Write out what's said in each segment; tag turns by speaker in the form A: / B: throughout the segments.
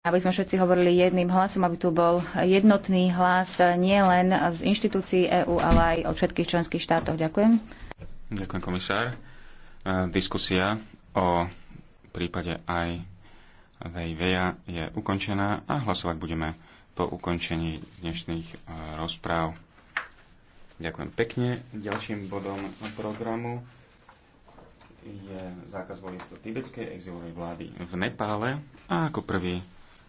A: aby sme všetci hovorili jedným hlasom, aby tu bol jednotný hlas nielen z inštitúcií EÚ, ale aj od všetkých členských štátov. Ďakujem.
B: Ďakujem, komisár. E, diskusia o prípade aj Vejveja je ukončená a hlasovať budeme po ukončení dnešných e, rozpráv. Ďakujem pekne. Ďalším bodom programu je zákaz volieb do tibetskej exilovej vlády v Nepále a ako prvý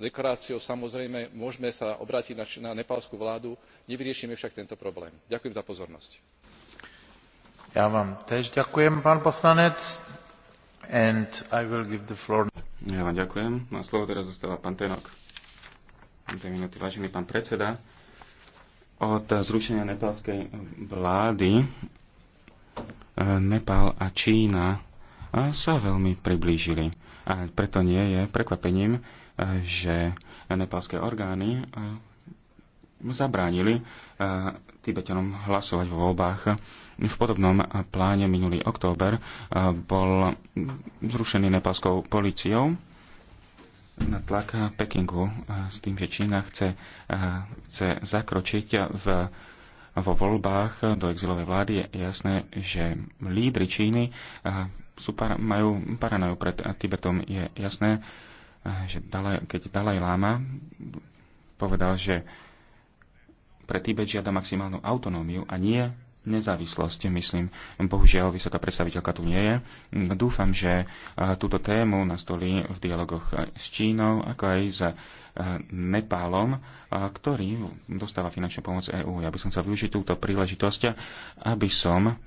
C: deklaráciou samozrejme môžeme sa obrátiť na nepálsku vládu nevyriešime však tento problém. ďakujem za pozornosť. Ja vám
B: ďakujem, no slovo teraz pán Tenok. minúty, vážený pán predseda. Od zrušenia nepálskej vlády eh, Nepál a Čína sa veľmi priblížili. A preto nie je prekvapením, e, že nepalské orgány e, zabránili e, Tibetanom hlasovať vo voľbách. V podobnom pláne minulý október bol zrušený nepalskou policiou na tlak Pekingu s tým, že Čína chce, chce zakročiť v vo voľbách do exilovej vlády je jasné, že lídry Číny sú, majú paranoju pred Tibetom. Je jasné, eh, že Dalaj, keď Dalaj Lama povedal, že pre Tibet žiada maximálnu autonómiu a nie nezávislosť, myslím. Bohužiaľ, vysoká predstaviteľka tu nie je. Dúfam, že eh, túto tému nastolí v dialogoch eh, s Čínou, ako aj s Nepálom, ktorý dostáva finančnú pomoc EÚ. Ja by som chcel využiť túto príležitosť, aby som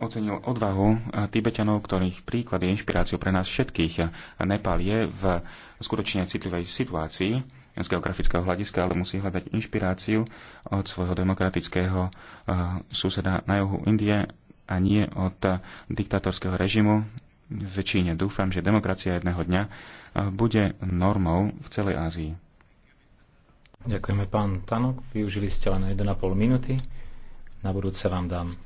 B: ocenil odvahu eh, Tibetanov, ktorých príklad je inšpiráciou pre nás všetkých. Nepal je v skutočne citlivej situácii z geografického hľadiska, ale musí hľadať inšpiráciu od svojho demokratického eh, suseda na juhu Indie a nie od eh, diktatorského režimu v Číne. Dúfam, že demokracia jedného dňa bude normou v celej Ázii.
D: Ďakujeme, pán Tanok. Využili ste len 1,5 minúty. Na budúce vám dám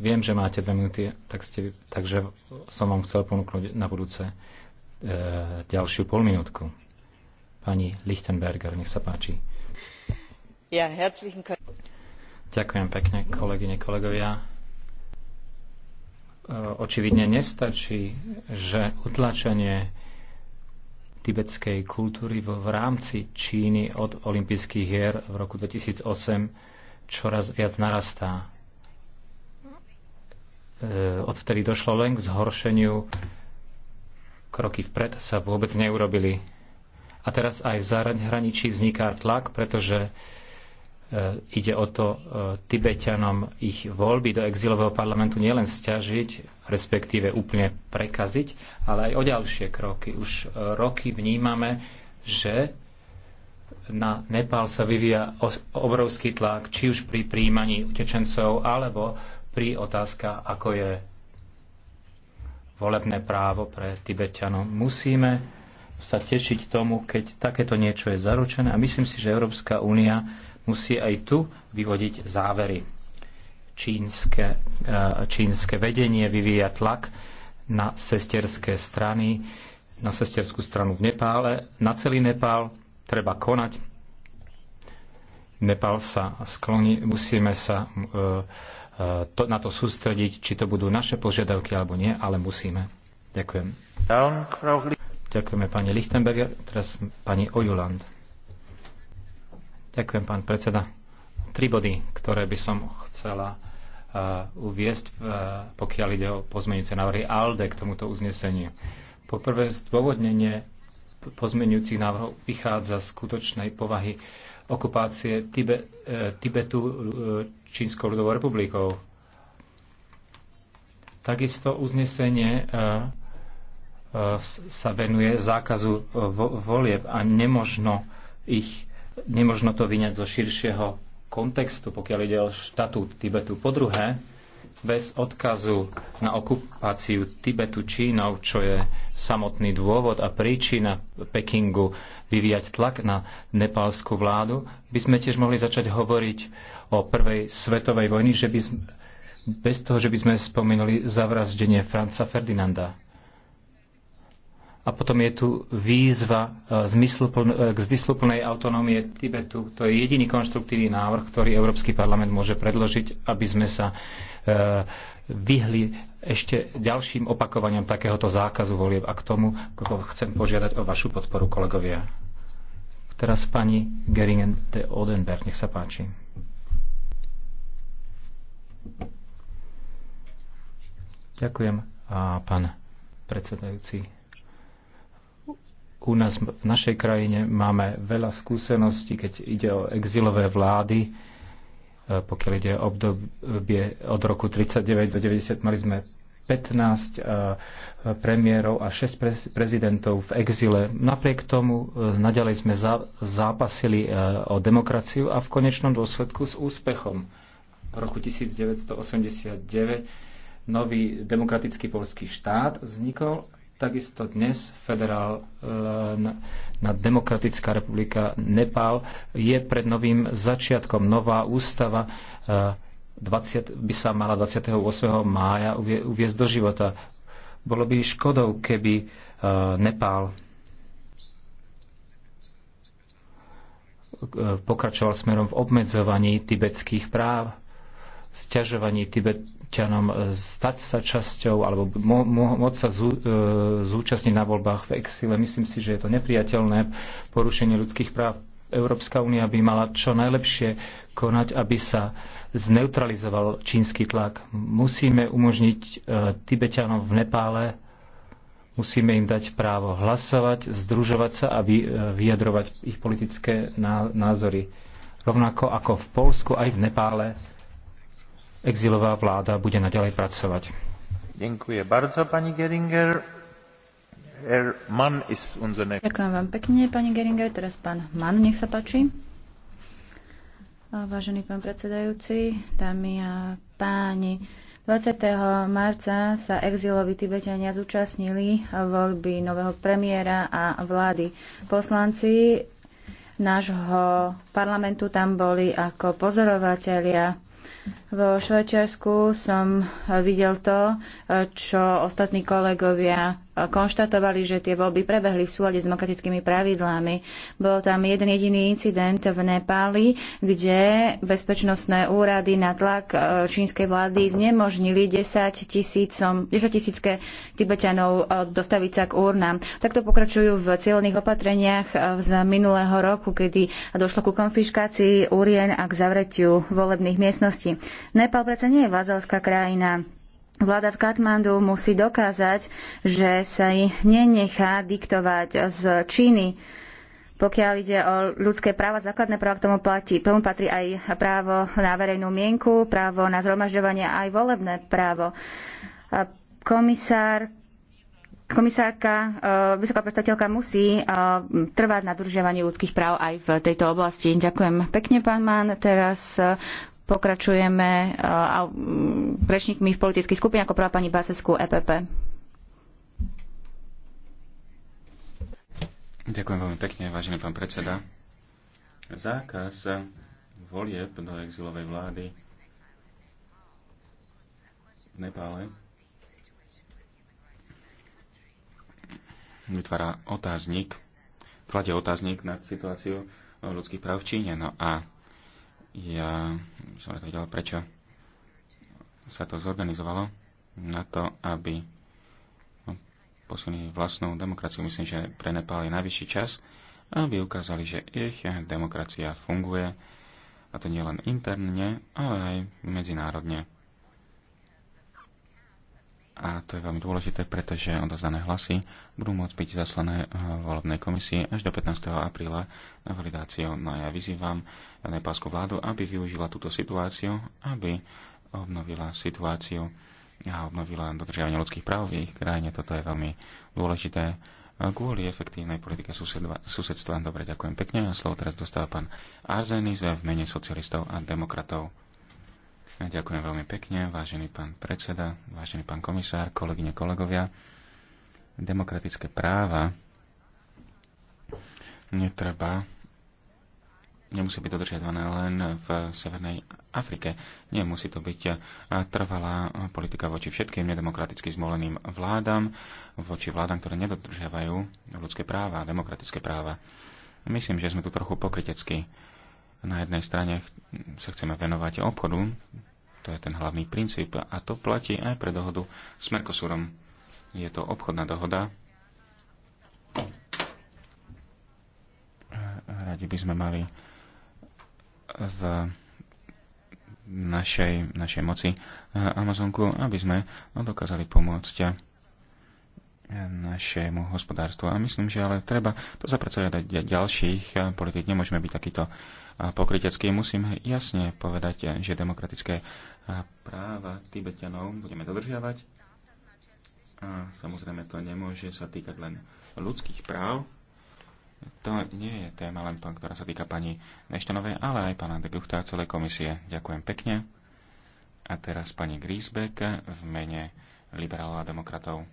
D: Viem, že máte dve minúty, tak ste, takže som vám chcel ponúknuť na budúce e, ďalšiu polminútku. Pani Lichtenberger, nech sa páči.
B: Ja, herzlichen
D: Ďakujem pekne, kolegyne, kolegovia. E, očividne nestačí, že utlačenie tibetskej kultúry v, v rámci Číny od olympijských hier v roku 2008 čoraz viac narastá. E, odvtedy došlo len k zhoršeniu. Kroky vpred sa vôbec neurobili. A teraz aj v zahraničí vzniká tlak, pretože e, ide o to e, Tibetanom ich voľby do exilového parlamentu nielen stiažiť, respektíve úplne prekaziť, ale aj o ďalšie kroky. Už roky vnímame, že na Nepál sa vyvíja obrovský tlak, či už pri príjmaní utečencov, alebo pri otázka, ako je volebné právo pre Tibetanov. Musíme sa tešiť tomu, keď takéto niečo je zaručené a myslím si, že Európska únia musí aj tu vyvodiť závery. Čínske, eh, čínske vedenie vyvíja tlak na sesterské strany, na sesterskú stranu v Nepále, na celý Nepál treba konať. Nepál sa skloní, musíme sa uh, E, to, na to sústrediť, či to budú naše požiadavky alebo nie, ale musíme. Ďakujem. Ďakujeme pani Lichtenberger, teraz pani Ojuland. Ďakujem, pán predseda. Tri body, ktoré by som chcela uh, uviesť, uh, pokiaľ ide o pozmeňujúce návrhy ALDE k tomuto uzneseniu. Poprvé, zdôvodnenie pozmeňujúcich návrhov vychádza z skutočnej povahy okupácie Tibe, e, Tibetu e, Čínskou ľudovou republikou. Takisto uznesenie e, sa venuje zákazu volieb a nemožno, ich, nemožno to vyňať zo širšieho kontextu, pokiaľ ide o štatút Tibetu. Po druhé, bez odkazu na okupáciu Tibetu Čínov, čo je samotný dôvod a príčina Pekingu vyvíjať tlak na nepálskú vládu, by sme tiež mohli začať hovoriť o prvej svetovej vojny, že by sme, bez toho, že by sme spomenuli zavraždenie Franca Ferdinanda. A potom je tu výzva e, e, k zmysluplnej autonómie Tibetu. To je jediný konštruktívny návrh, ktorý Európsky parlament môže predložiť, aby sme sa E, vyhli ešte ďalším opakovaniam takéhoto zákazu volieb a k tomu chcem požiadať o vašu podporu, kolegovia. Teraz pani Geringen de Odenberg, nech sa páči. Ďakujem, a pán predsedajúci. U nás v našej krajine máme veľa skúseností, keď ide o exilové vlády, E, pokiaľ ide o obdobie od roku 39 do 90, mali sme 15 e, premiérov a 6 prezidentov v exile. Napriek tomu e, naďalej sme zápasili o demokraciu a v konečnom dôsledku s úspechom. V roku 1989 nový demokratický polský štát vznikol Takisto dnes Federálna eh, demokratická republika Nepál je pred novým začiatkom. Nová ústava 20, eh, by sa mala 28. mája uviezť do života. Bolo by škodou, keby eh, Nepál pokračoval smerom v obmedzovaní tibetských práv sťažovaní Tibetanom e, stať sa časťou alebo mo- môcť sa zú- e, zúčastniť na voľbách v exile. Myslím si, že je to nepriateľné porušenie ľudských práv. Európska únia by mala čo najlepšie konať, aby sa zneutralizoval čínsky tlak. Musíme umožniť e, Tibetanom v Nepále, musíme im dať právo hlasovať, združovať sa a vyjadrovať ich politické názory. Rovnako ako v Polsku, aj v Nepále exilová vláda bude naďalej pracovať. Ďakujem bardzo, pani Geringer. Er, Mann ist unser Ďakujem
A: vám pekne, pani Geringer. Teraz pán Mann, nech sa páči. Vážený pán predsedajúci, dámy a páni, 20. marca sa exiloví Tibetania zúčastnili voľby nového premiéra a vlády. Poslanci nášho parlamentu tam boli ako pozorovatelia. Vo Švajčiarsku som videl to, čo ostatní kolegovia konštatovali, že tie voľby prebehli v súlade s demokratickými pravidlami. Bol tam jeden jediný incident v Nepáli, kde bezpečnostné úrady na tlak e, čínskej vlády znemožnili 10 tisícom, 10 tisícké Tibetanov e, dostaviť sa k úrnám. Takto pokračujú v cieľných opatreniach e, z minulého roku, kedy došlo ku konfiškácii úrien a k zavretiu volebných miestností. Nepal predsa nie je vazalská krajina Vláda v Katmandu musí dokázať, že sa jej nenechá diktovať z Číny. Pokiaľ ide o ľudské práva, základné práva k tomu platí. Tomu patrí aj právo na verejnú mienku, právo na zhromažďovanie, aj volebné právo. Komisár Komisárka, e, vysoká predstaviteľka musí e, trvať na dodržiavaní ľudských práv aj v tejto oblasti. Ďakujem pekne, pán Mann. Teraz e, Pokračujeme uh, rečníkmi v politických skupinách, ako prvá pani Basesku EPP.
B: Ďakujem veľmi pekne, vážený pán predseda. Zákaz volieb do exilovej vlády v Nepále vytvára otáznik, kladie otáznik nad situáciou ľudských práv v Číne. No a ja som to vedel, prečo sa to zorganizovalo na to, aby posunuli vlastnú demokraciu. Myslím, že pre Nepal je najvyšší čas, aby ukázali, že ich demokracia funguje, a to nielen interne, ale aj medzinárodne a to je veľmi dôležité, pretože odozdané hlasy budú môcť byť zaslané eh, volebnej komisii až do 15. apríla na validáciu. No a ja vyzývam nepalskú vládu, aby využila túto situáciu, aby obnovila situáciu a obnovila dodržiavanie ľudských práv v ich krajine. Toto je veľmi dôležité kvôli efektívnej politike susedva, susedstva. Dobre, ďakujem pekne. A slovo teraz dostáva pán Arzenis v mene socialistov a demokratov. Ďakujem veľmi pekne, vážený pán predseda, vážený pán komisár, kolegyne, kolegovia. Demokratické práva netreba nemusí byť dodržiavané len v Severnej Afrike. Nie, musí to byť trvalá politika voči všetkým nedemokraticky zvoleným vládam, voči vládam, ktoré nedodržiavajú ľudské práva, demokratické práva. Myslím, že sme tu trochu pokritecky. Na jednej strane sa chceme venovať obchodu, to je ten hlavný princíp a to platí aj pre dohodu s Mercosurom. Je to obchodná dohoda. Radi by sme mali v našej, našej moci Amazonku, aby sme dokázali pomôcť našemu hospodárstvu. A myslím, že ale treba to zapracovať aj ďalších eh, politik. Nemôžeme byť takýto eh, pokrytecký. Musím jasne povedať, eh, že demokratické práva Tibetanov budeme dodržiavať. A samozrejme to nemôže sa týkať len ľudských práv. To nie je téma len, pán, ktorá sa týka pani Neštanovej, ale aj pána de Guchta a celej komisie. Ďakujem pekne. A teraz pani Griesbeck v mene liberálov a demokratov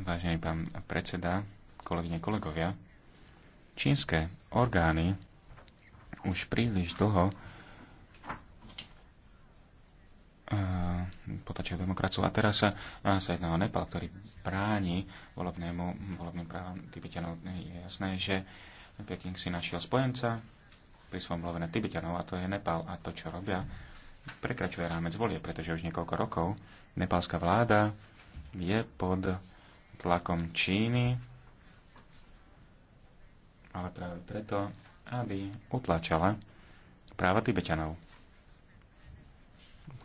B: vážený pán predseda, kolegyne, kolegovia, čínske orgány už príliš dlho eh, potačia demokraciu. A teraz sa, sa jedná o Nepal, ktorý bráni volebnému, volebným právam Tibetanov. Je jasné, že Peking si našiel spojenca pri svojom love Tibetanov a to je Nepal. A to, čo robia, prekračuje rámec volie, pretože už niekoľko rokov nepálska vláda je pod tlakom Číny, ale práve preto, aby utlačala práva Tibetanov.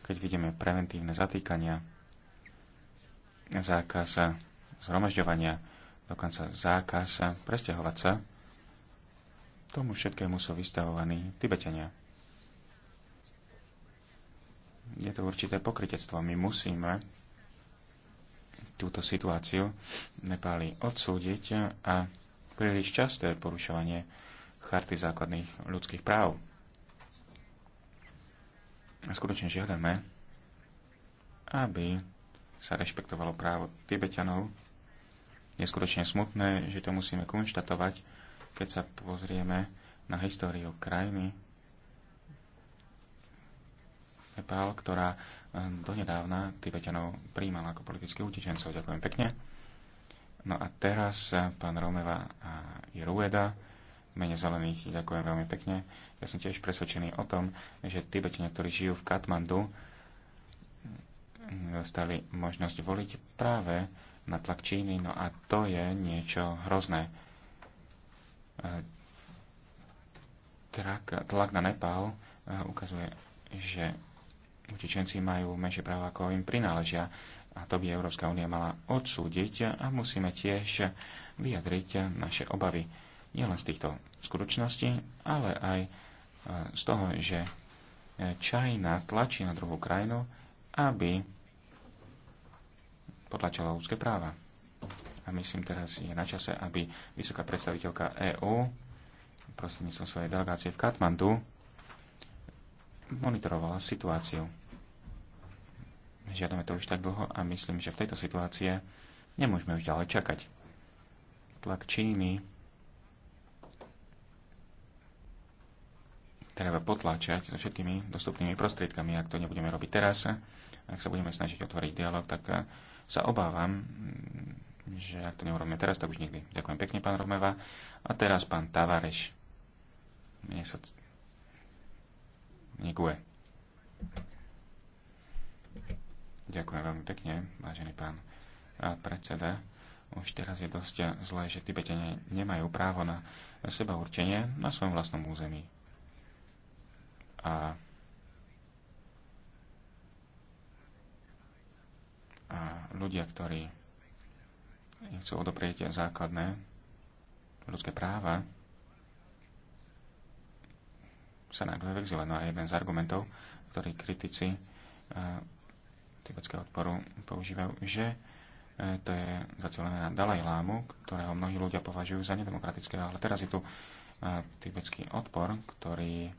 B: Keď vidíme preventívne zatýkania, zákaz zhromažďovania, dokonca zákaz presťahovať sa, tomu všetkému sú vystavovaní Tibetania. Je to určité pokrytectvo. My musíme túto situáciu v Nepáli odsúdiť a príliš časté porušovanie charty základných ľudských práv. A skutočne žiadame, aby sa rešpektovalo právo Tibetanov. Je skutočne smutné, že to musíme konštatovať, keď sa pozrieme na históriu krajiny, Nepál, ktorá e, donedávna Tibetanov príjmala ako politických utečencov. Ďakujem pekne. No a teraz e, pán Romeva a Irueda mene zelených. Ďakujem veľmi pekne. Ja som tiež presvedčený o tom, že Tibetania, ktorí žijú v Katmandu, dostali možnosť voliť práve na tlak Číny. No a to je niečo hrozné. E, tlak na Nepál ukazuje, že utečenci majú menšie práva, ako im prináležia. A to by Európska únia mala odsúdiť a musíme tiež vyjadriť naše obavy. Nielen z týchto skutočností, ale aj e, z toho, že Čajna tlačí na druhú krajinu, aby potlačila ľudské práva. A myslím, teraz je na čase, aby vysoká predstaviteľka EÚ prostredníctvom svojej delegácie v Katmandu monitorovala situáciu. Žiadame to už tak dlho a myslím, že v tejto situácii nemôžeme už ďalej čakať. Tlak Číny treba potláčať so všetkými dostupnými prostriedkami. Ak to nebudeme robiť teraz, ak sa budeme snažiť otvoriť dialog, tak eh, sa obávam, že ak to neurobíme teraz, tak už nikdy. Ďakujem pekne, pán Romeva. A teraz pán Tavareš. Mne sa Nigue. Ďakujem veľmi pekne, vážený pán eh, predseda. Už teraz je dosť eh, zlé, že Tibetania nemajú právo na seba určenie na svojom vlastnom území. A, a ľudia, ktorí chcú odoprieť eh, základné ľudské práva, sa v exile. No a jeden z argumentov, ktorý kritici e, tibetského odporu používajú, že e, to je zacielené na Dalaj Lámu, ktorého mnohí ľudia považujú za nedemokratického. Ale teraz je tu e, tibetský odpor, ktorý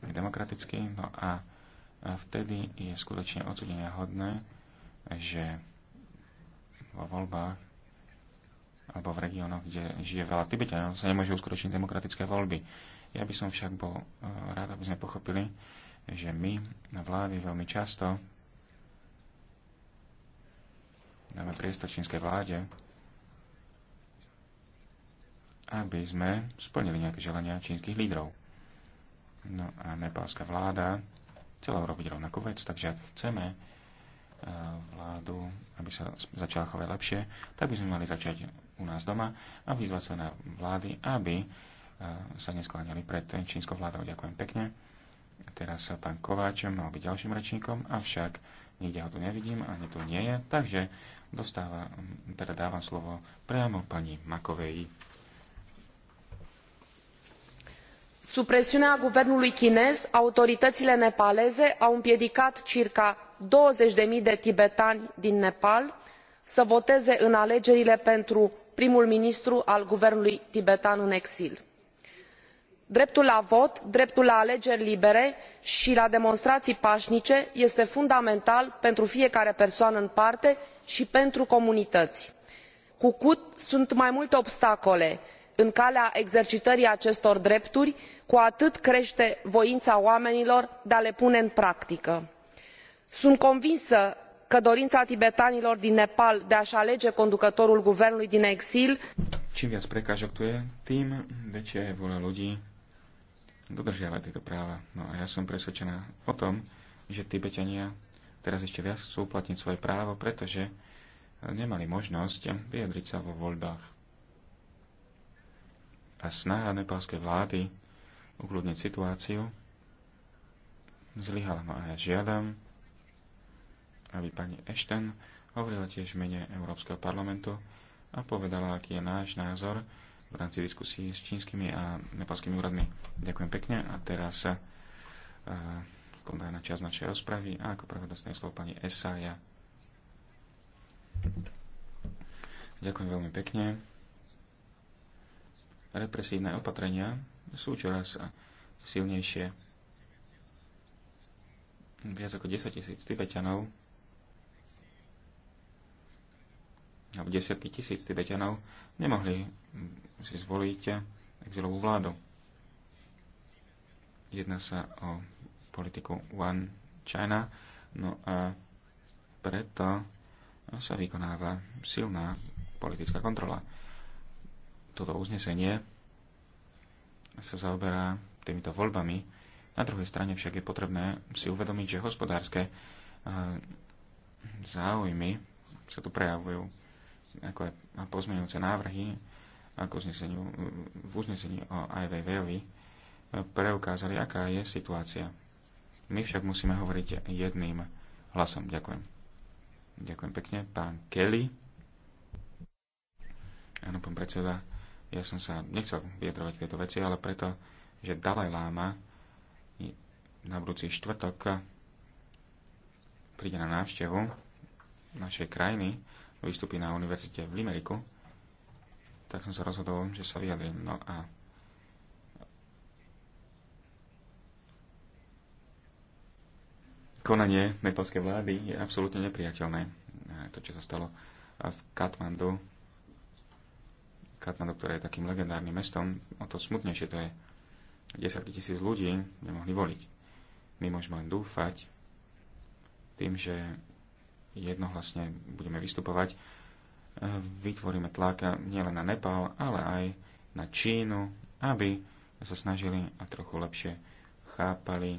B: je demokratický. No a vtedy je skutočne odsudenia hodné, že vo voľbách alebo v regiónoch, kde žije veľa Tibetanov, sa nemôžu uskutočniť demokratické voľby. Ja by som však bol eh, rád, aby sme pochopili, že my na vlády veľmi často dáme priestor čínskej vláde, aby sme splnili nejaké želania čínskych lídrov. No a nepálska vláda chcela urobiť rovnakú vec, takže ak chceme eh, vládu, aby sa začala chovať lepšie, tak by sme mali začať u nás doma a vyzvať sa na vlády, aby sa neskláňali pred čínskou vládou. Ďakujem pekne. Teraz sa pán Kováč mal byť ďalším rečníkom, avšak nikde ho tu nevidím, ani tu nie je, takže dostáva, teda dávam slovo priamo pani Makovej.
A: Sub presiunea guvernului chinez, autoritățile nepaleze au împiedicat circa 20.000 de tibetani din Nepal să voteze în alegerile pentru primul ministru al guvernului tibetan în exil dreptul la vot dreptul la alegeri libere i la demonstraii panice este fundamental pentru fiecare persoană în parte i pentru comunităi. cu cât sunt mai multe obstacole în calea exercitării acestor drepturi cu atât crete voina oamenilor de a le pune în practică. sunt convinsă că dorina tibetanilor din nepal de a i alege conducătorul guvernului din exil
B: dodržiavať tieto práva. No a ja som presvedčená o tom, že Tibetania teraz ešte viac chcú uplatniť svoje právo, pretože e, nemali možnosť vyjadriť sa vo voľbách. A snaha nepálskej vlády ukludniť situáciu zlyhala. ma no a ja žiadam, aby pani Ešten hovorila tiež v mene Európskeho parlamentu a povedala, aký je náš názor v rámci diskusí s čínskymi a nepalskými úradmi. Ďakujem pekne a teraz sa uh, na čas našej rozpravy a ako prvé dostane slovo pani Esaja. Ďakujem veľmi pekne. Represívne opatrenia sú čoraz silnejšie. Viac ako 10 tisíc Tibetanov alebo desiatky tisíc Tibetanov nemohli si zvoliť exilovú vládu. Jedná sa o politiku One China, no a preto sa vykonáva silná politická kontrola. Toto uznesenie sa zaoberá týmito voľbami. Na druhej strane však je potrebné si uvedomiť, že hospodárske eh, záujmy sa tu prejavujú ako aj pozmeňujúce návrhy ako uzneseniu, v uznesení o IVV-ovi preukázali, aká je situácia. My však musíme hovoriť jedným hlasom. Ďakujem. Ďakujem pekne. Pán Kelly. Áno, pán predseda, ja som sa nechcel vyjadrovať k tejto veci, ale preto, že Dalaj Lama na budúci štvrtok príde na návštevu našej krajiny vystúpi na univerzite v Limeriku, tak som sa rozhodol, že sa vyjadrím. No a konanie nepalskej vlády je absolútne nepriateľné. To, čo sa stalo v Katmandu, Katmandu, ktoré je takým legendárnym mestom, o to smutnejšie to je. Desiatky tisíc ľudí nemohli voliť. My môžeme len dúfať tým, že jednohlasne budeme vystupovať, e, vytvoríme tlak nielen na Nepal, ale aj na Čínu, aby sa snažili a trochu lepšie chápali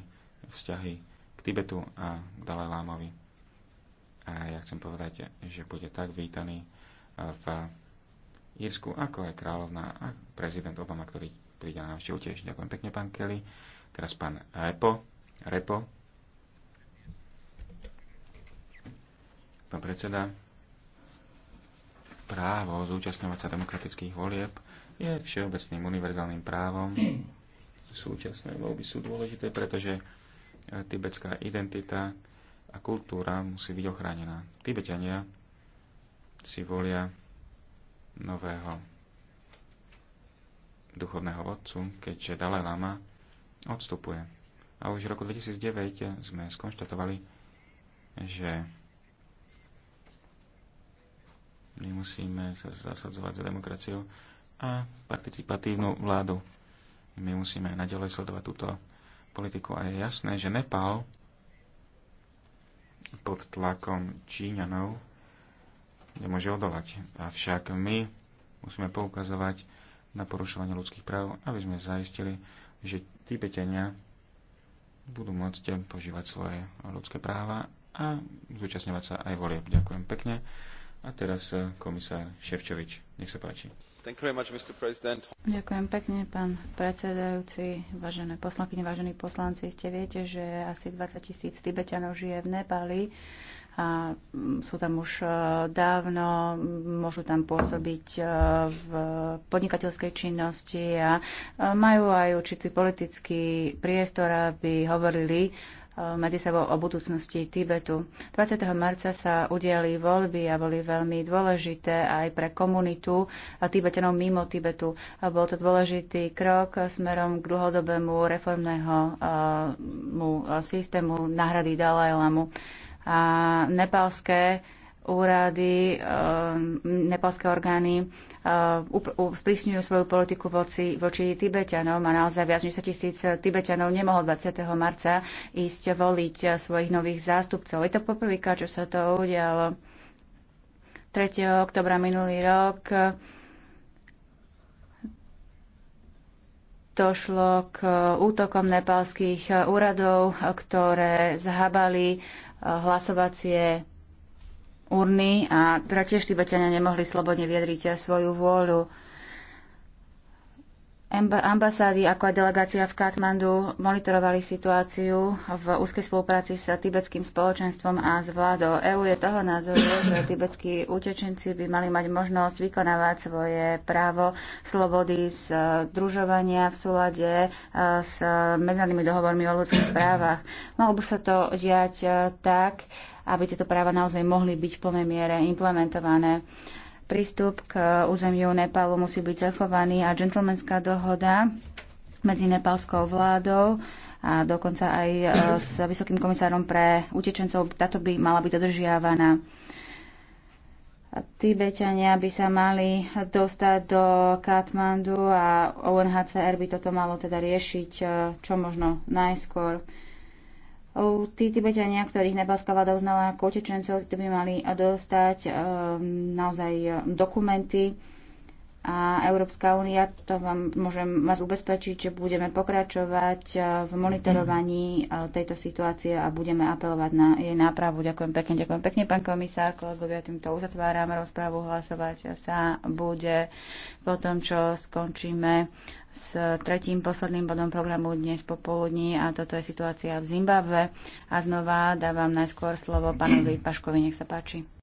B: vzťahy k Tibetu a k Dalajlámovi. A ja chcem povedať, že bude tak vítaný e, v Írsku, ako aj kráľovná a prezident Obama, ktorý príde na návštevu tiež. Ďakujem pekne, pán Kelly. Teraz pán Repo. Repo. predseda, právo zúčastňovať sa demokratických volieb je všeobecným univerzálnym právom. Súčasné voľby sú dôležité, pretože eh, tibetská identita a kultúra musí byť ochránená. Tibetania si volia nového duchovného vodcu, keďže Dalaj Lama odstupuje. A už v roku 2009 sme skonštatovali, že my musíme sa zasadzovať za demokraciou a participatívnu vládu. My musíme aj naďalej sledovať túto politiku a je jasné, že Nepal pod tlakom Číňanov nemôže odolať. Avšak my musíme poukazovať na porušovanie ľudských práv, aby sme zaistili, že Tibetania budú môcť požívať svoje ľudské práva a zúčastňovať sa aj volieb. Ďakujem pekne. A teraz eh, komisár Ševčovič. Nech sa páči. Much,
A: Ďakujem pekne, pán predsedajúci, vážené poslankyne, vážení poslanci. Ste viete, že asi 20 tisíc Tibetanov žije v Nepali a mm, sú tam už eh, dávno, mm, môžu tam pôsobiť eh, v podnikateľskej činnosti a majú aj určitý politický priestor, aby hovorili Eh, medzi sebou o budúcnosti Tibetu. 20. marca sa udiali voľby a boli veľmi dôležité aj pre komunitu a Tibetanov mimo Tibetu. A bol to dôležitý krok smerom k dlhodobému reformnému eh, eh, systému náhrady Dalajlamu. A nepalské úrady, eh, nepalské orgány eh, sprísňujú svoju politiku voci, voči Tibetanom a naozaj viac než 10 tisíc Tibetanov nemohol 20. marca ísť voliť eh, svojich nových zástupcov. Je to poprvýkrát, čo sa to udialo 3. oktobra minulý rok. Došlo k útokom nepalských úradov, ktoré zhabali hlasovacie urny a teda tiež Tibetania nemohli slobodne vyjadriť svoju vôľu. Ambasády ako aj delegácia v Katmandu monitorovali situáciu v úzkej spolupráci s tibetským spoločenstvom a s vládou. EÚ je toho názoru, že tibetskí utečenci by mali mať možnosť vykonávať svoje právo slobody z družovania v súlade e, s medzinárodnými dohovormi o ľudských právach. Malo by sa to diať e, tak, aby tieto práva naozaj mohli byť v plnej miere implementované. Prístup k územiu Nepalu musí byť zachovaný a džentlmenská dohoda medzi nepalskou vládou a dokonca aj e, s vysokým komisárom pre utečencov, táto by mala byť dodržiavaná. Tibetania by sa mali dostať do Katmandu a ONHCR by toto malo teda riešiť e, čo možno najskôr tí Tibetania, ktorých nepalská vláda uznala ako utečencov, tí by mali dostať ehm, naozaj ehm, dokumenty a Európska únia, to vám môžem vás ubezpečiť, že budeme pokračovať ehm, v monitorovaní tejto situácie a budeme apelovať na jej nápravu. Ďakujem pekne, ďakujem pekne, pán komisár, kolegovia, týmto uzatváram rozprávu, hlasovať sa bude po tom, čo skončíme s tretím posledným bodom programu dnes popoludní a toto je situácia v Zimbabve. A znova dávam najskôr slovo pánovi Paškovi, nech sa páči.